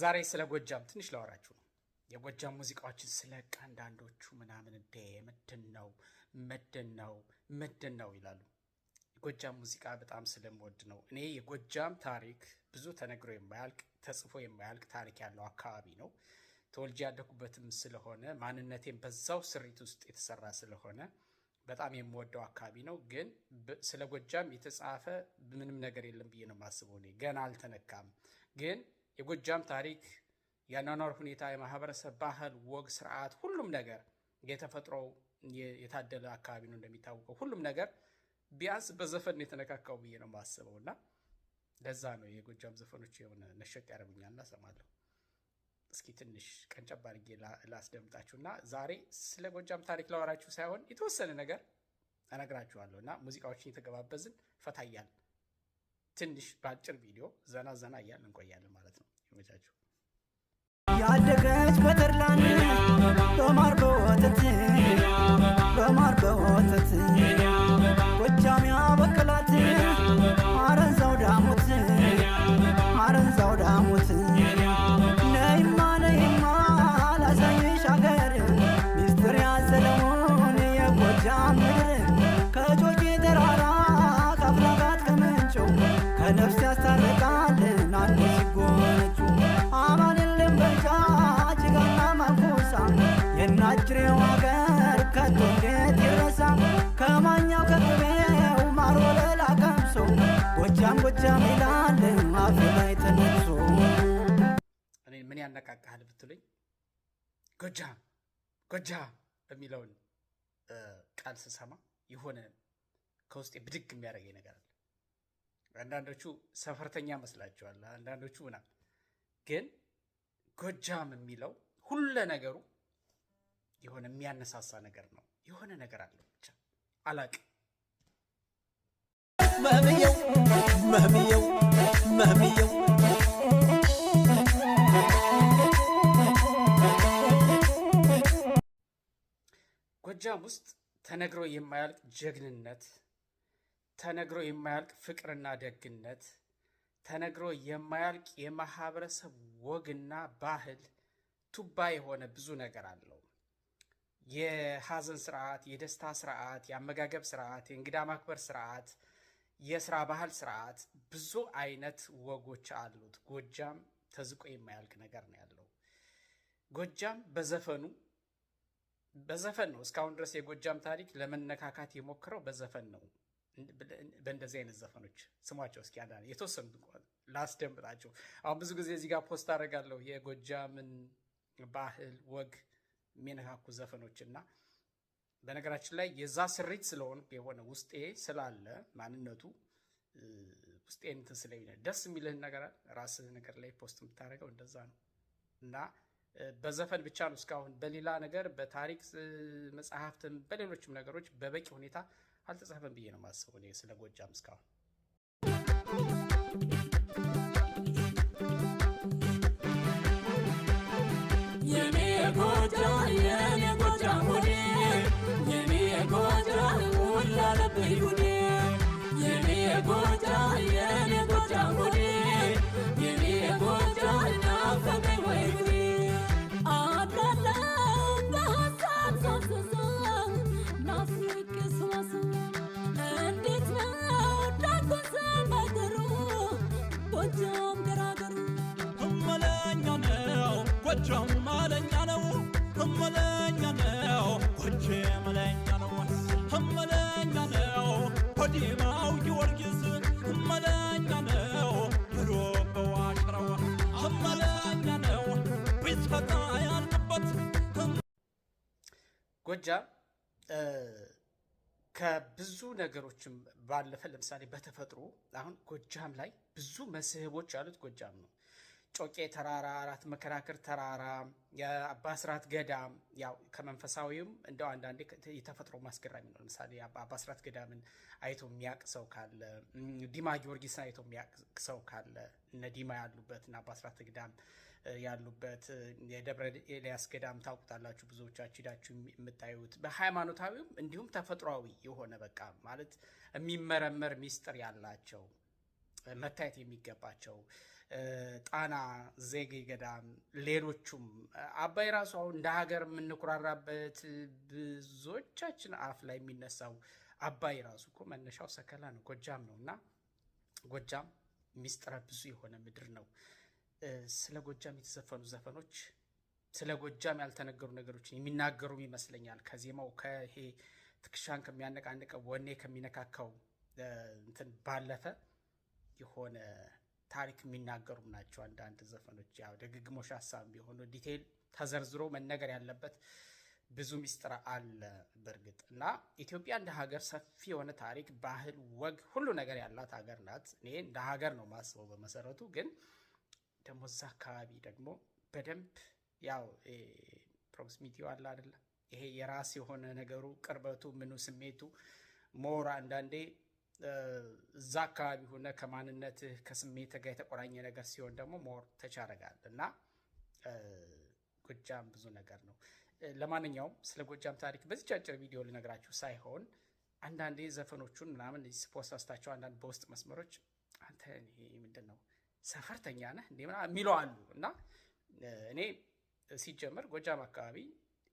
ዛሬ ስለ ጎጃም ትንሽ ላወራችሁ ነው። የጎጃም ሙዚቃዎችን ስለቅ አንዳንዶቹ ምናምን እንዴ ምድን ነው ምድን ነው ምድን ነው ይላሉ። የጎጃም ሙዚቃ በጣም ስለምወድ ነው። እኔ የጎጃም ታሪክ ብዙ ተነግሮ የማያልቅ ተጽፎ የማያልቅ ታሪክ ያለው አካባቢ ነው። ተወልጄ ያደኩበትም ስለሆነ ማንነቴም በዛው ስሪት ውስጥ የተሰራ ስለሆነ በጣም የምወደው አካባቢ ነው። ግን ስለ ጎጃም የተጻፈ ምንም ነገር የለም ብዬ ነው የማስበው። እኔ ገና አልተነካም ግን የጎጃም ታሪክ፣ የአኗኗር ሁኔታ፣ የማህበረሰብ ባህል፣ ወግ፣ ስርዓት፣ ሁሉም ነገር የተፈጥሮ የታደለ አካባቢ ነው። እንደሚታወቀው ሁሉም ነገር ቢያንስ በዘፈን የተነካካው ብዬ ነው የማስበው እና ለዛ ነው የጎጃም ዘፈኖች የሆነ ነሸጥ ያደርጉኛልና እሰማለሁ። እስኪ ትንሽ ቀንጨብ አድርጌ ላስደምጣችሁ እና ዛሬ ስለ ጎጃም ታሪክ ላወራችሁ ሳይሆን የተወሰነ ነገር እነግራችኋለሁ እና ሙዚቃዎችን የተገባበዝን ፈታያል ትንሽ በአጭር ቪዲዮ ዘና ዘና እያልን እንቆያለን ማለት ነው። ይመቻችሁ። ያደገች በተድላን በማር በወተት በማር በወተት ከማኛው ከቅቤው ጎጃም ጎጃም ይላል እኔ ምን ያነቃቃል ብትሉኝ ጎጃም ጎጃም የሚለውን ቃል ስሰማ የሆነ ከውስጤ ብድግ የሚያደርገኝ ነገር አለ። አንዳንዶቹ ሰፈርተኛ መስላችኋል፣ አንዳንዶቹ ምናምን ግን ጎጃም የሚለው ሁለ ነገሩ የሆነ የሚያነሳሳ ነገር ነው። የሆነ ነገር አለው ብቻ አላቅ መህምየው ጎጃም ውስጥ ተነግሮ የማያልቅ ጀግንነት፣ ተነግሮ የማያልቅ ፍቅርና ደግነት፣ ተነግሮ የማያልቅ የማህበረሰብ ወግና ባህል ቱባ የሆነ ብዙ ነገር አለው። የሐዘን ስርዓት፣ የደስታ ስርዓት፣ የአመጋገብ ስርዓት፣ የእንግዳ ማክበር ስርዓት፣ የስራ ባህል ስርዓት ብዙ አይነት ወጎች አሉት። ጎጃም ተዝቆ የማያልቅ ነገር ነው ያለው። ጎጃም በዘፈኑ በዘፈን ነው እስካሁን ድረስ የጎጃም ታሪክ ለመነካካት የሞክረው በዘፈን ነው። በእንደዚህ አይነት ዘፈኖች ስሟቸው እስኪ አንዳ የተወሰኑ ላስደምጣቸው። አሁን ብዙ ጊዜ እዚህ ጋር ፖስት አደርጋለሁ የጎጃምን ባህል ወግ የሚነካኩ ዘፈኖች እና በነገራችን ላይ የዛ ስሪት ስለሆን የሆነ ውስጤ ስላለ ማንነቱ ውስጤ እንትን ስለኝ ደስ የሚልህን ነገር ራስ ነገር ላይ ፖስት የምታደርገው እንደዛ ነው እና በዘፈን ብቻ ነው እስካሁን በሌላ ነገር በታሪክ መጽሐፍትም በሌሎችም ነገሮች በበቂ ሁኔታ አልተጻፈም ብዬ ነው የማስበው ስለ ጎጃም እስካሁን። ይሁኔ ጎጃም ገራገሩ ዲማው ጊዮርጊስ ነው ብሎ በዋሽረው ነው ቢስፈታ ያልንበት ከብዙ ነገሮችም ባለፈ ለምሳሌ በተፈጥሮ አሁን ጎጃም ላይ ብዙ መስህቦች ያሉት ጎጃም ነው። ጮቄ ተራራ፣ አራት መከራከር ተራራ፣ የአባስራት ገዳም ያው ከመንፈሳዊም እንደው አንዳንዴ የተፈጥሮ ማስገራሚ ነው። ለምሳሌ አባስራት ገዳምን አይቶ የሚያቅ ሰው ካለ፣ ዲማ ጊዮርጊስን አይቶ የሚያቅ ሰው ካለ እነ ዲማ ያሉበት እና አባስራት ገዳም ያሉበት የደብረ ኤልያስ ገዳም ታውቁታላችሁ ብዙዎቻችሁ ሂዳችሁ የምታዩት በሃይማኖታዊም እንዲሁም ተፈጥሯዊ የሆነ በቃ ማለት የሚመረመር ሚስጥር ያላቸው መታየት የሚገባቸው ጣና ዜጌ ገዳም፣ ሌሎቹም አባይ ራሱ አሁን እንደ ሀገር የምንኩራራበት ብዙዎቻችን አፍ ላይ የሚነሳው አባይ ራሱ እኮ መነሻው ሰከላ ነው፣ ጎጃም ነው እና ጎጃም ሚስጥረ ብዙ የሆነ ምድር ነው። ስለ ጎጃም የተዘፈኑ ዘፈኖች፣ ስለ ጎጃም ያልተነገሩ ነገሮችን የሚናገሩም ይመስለኛል። ከዜማው ከይሄ ትክሻን ከሚያነቃንቀው ወኔ ከሚነካካው እንትን ባለፈ የሆነ ታሪክ የሚናገሩም ናቸው። አንዳንድ ዘፈኖች ያው ደግግሞሽ ሀሳብ ቢሆኑ ዲቴል ተዘርዝሮ መነገር ያለበት ብዙ ሚስጥር አለ በእርግጥ እና ኢትዮጵያ እንደ ሀገር ሰፊ የሆነ ታሪክ፣ ባህል፣ ወግ ሁሉ ነገር ያላት ሀገር ናት። እኔ እንደ ሀገር ነው ማስበው በመሰረቱ ግን ደግሞ እዛ አካባቢ ደግሞ በደንብ ያው ፕሮክሲሚቲው አለ አይደለም ይሄ የራስ የሆነ ነገሩ ቅርበቱ ምኑ ስሜቱ ሞር አንዳንዴ እዛ አካባቢ ሆነ ከማንነትህ ከስሜት ጋር የተቆራኘ ነገር ሲሆን ደግሞ ሞር ተቻረጋል እና ጎጃም ብዙ ነገር ነው። ለማንኛውም ስለ ጎጃም ታሪክ በዚህ አጭር ቪዲዮ ልነግራችሁ ሳይሆን አንዳንዴ ዘፈኖቹን ምናምን ፖስት አስታቸው አንዳንድ በውስጥ መስመሮች አንተ ምንድን ነው ሰፈርተኛ ነህ እንዴ የሚለው አሉ እና እኔ ሲጀመር ጎጃም አካባቢ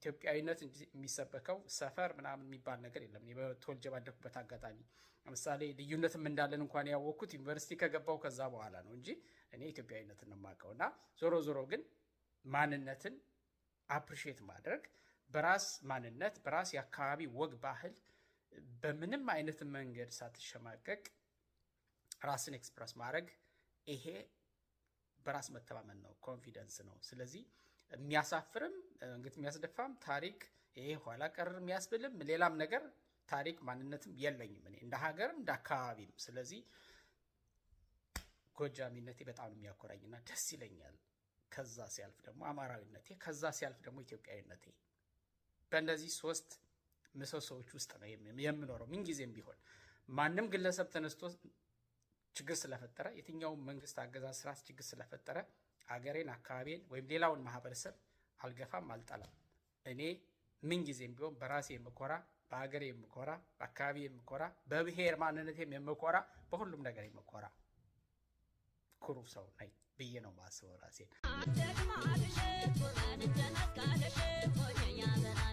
ኢትዮጵያዊነት የሚሰበከው ሰፈር ምናምን የሚባል ነገር የለም። ተወልጄ ባደኩበት አጋጣሚ ለምሳሌ ልዩነትም እንዳለን እንኳን ያወቅኩት ዩኒቨርሲቲ ከገባው ከዛ በኋላ ነው እንጂ እኔ ኢትዮጵያዊነት የማውቀው እና ዞሮ ዞሮ ግን ማንነትን አፕሪሼት ማድረግ በራስ ማንነት በራስ የአካባቢ ወግ ባህል በምንም አይነት መንገድ ሳትሸማቀቅ ራስን ኤክስፕረስ ማድረግ ይሄ በራስ መተማመን ነው፣ ኮንፊደንስ ነው። ስለዚህ የሚያሳፍርም እንግዲህ የሚያስደፋም ታሪክ ይሄ ኋላ ቀር የሚያስብልም ሌላም ነገር ታሪክ ማንነትም የለኝም እኔ እንደ ሀገርም እንደ አካባቢም። ስለዚህ ጎጃሚነቴ በጣም የሚያኮራኝና ደስ ይለኛል። ከዛ ሲያልፍ ደግሞ አማራዊነቴ፣ ከዛ ሲያልፍ ደግሞ ኢትዮጵያዊነቴ በእነዚህ ሶስት ምሰሶዎች ውስጥ ነው የምኖረው ምንጊዜም ቢሆን ማንም ግለሰብ ተነስቶ ችግር ስለፈጠረ የትኛውም መንግስት አገዛዝ ስርዓት ችግር ስለፈጠረ አገሬን፣ አካባቢን ወይም ሌላውን ማህበረሰብ አልገፋም፣ አልጠላም። እኔ ምን ጊዜም ቢሆን በራሴ የምኮራ በአገሬ የምኮራ በአካባቢ የምኮራ በብሔር ማንነቴም የምኮራ በሁሉም ነገር የምኮራ ኩሩ ሰው ነኝ ብዬ ነው ማስበው ራሴን።